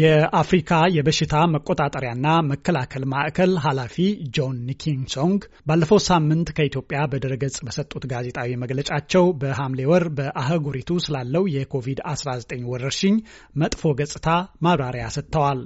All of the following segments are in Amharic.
የአፍሪካ የበሽታ መቆጣጠሪያና መከላከል ማዕከል ኃላፊ ጆን ኒኪንሶንግ ባለፈው ሳምንት ከኢትዮጵያ በድረገጽ በሰጡት ጋዜጣዊ መግለጫቸው በሐምሌ ወር በአህጉሪቱ ስላለው የኮቪድ-19 ወረርሽኝ መጥፎ ገጽታ ማብራሪያ ሰጥተዋል።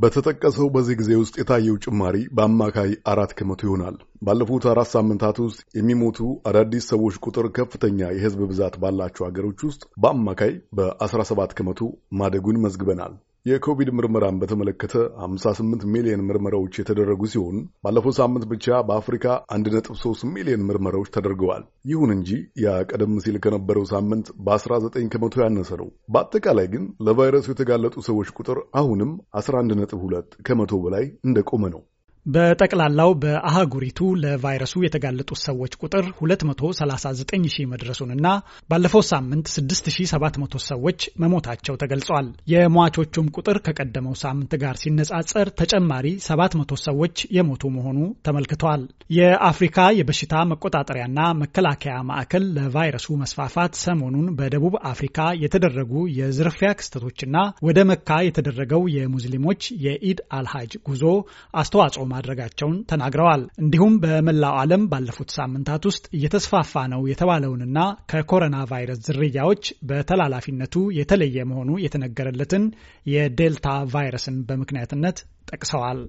በተጠቀሰው በዚህ ጊዜ ውስጥ የታየው ጭማሪ በአማካይ አራት ከመቶ ይሆናል። ባለፉት አራት ሳምንታት ውስጥ የሚሞቱ አዳዲስ ሰዎች ቁጥር ከፍተኛ የሕዝብ ብዛት ባላቸው ሀገሮች ውስጥ በአማካይ በ17 ከመቶ ማደጉን መዝግበናል። የኮቪድ ምርመራን በተመለከተ 58 ሚሊዮን ምርመራዎች የተደረጉ ሲሆን ባለፈው ሳምንት ብቻ በአፍሪካ 1.3 ሚሊዮን ምርመራዎች ተደርገዋል። ይሁን እንጂ ያ ቀደም ሲል ከነበረው ሳምንት በ19 ከመቶ ያነሰ ነው። በአጠቃላይ ግን ለቫይረሱ የተጋለጡ ሰዎች ቁጥር አሁንም 11.2 ከመቶ በላይ እንደቆመ ነው። በጠቅላላው በአህጉሪቱ ለቫይረሱ የተጋለጡት ሰዎች ቁጥር 239 ሺህ መድረሱንና ባለፈው ሳምንት 6700 ሰዎች መሞታቸው ተገልጿል። የሟቾቹም ቁጥር ከቀደመው ሳምንት ጋር ሲነጻጸር ተጨማሪ 700 ሰዎች የሞቱ መሆኑ ተመልክተዋል። የአፍሪካ የበሽታ መቆጣጠሪያና መከላከያ ማዕከል ለቫይረሱ መስፋፋት ሰሞኑን በደቡብ አፍሪካ የተደረጉ የዝርፊያ ክስተቶችና ወደ መካ የተደረገው የሙስሊሞች የኢድ አልሃጅ ጉዞ አስተዋጽኦ ማድረጋቸውን ተናግረዋል። እንዲሁም በመላው ዓለም ባለፉት ሳምንታት ውስጥ እየተስፋፋ ነው የተባለውንና ከኮሮና ቫይረስ ዝርያዎች በተላላፊነቱ የተለየ መሆኑ የተነገረለትን የዴልታ ቫይረስን በምክንያትነት ጠቅሰዋል።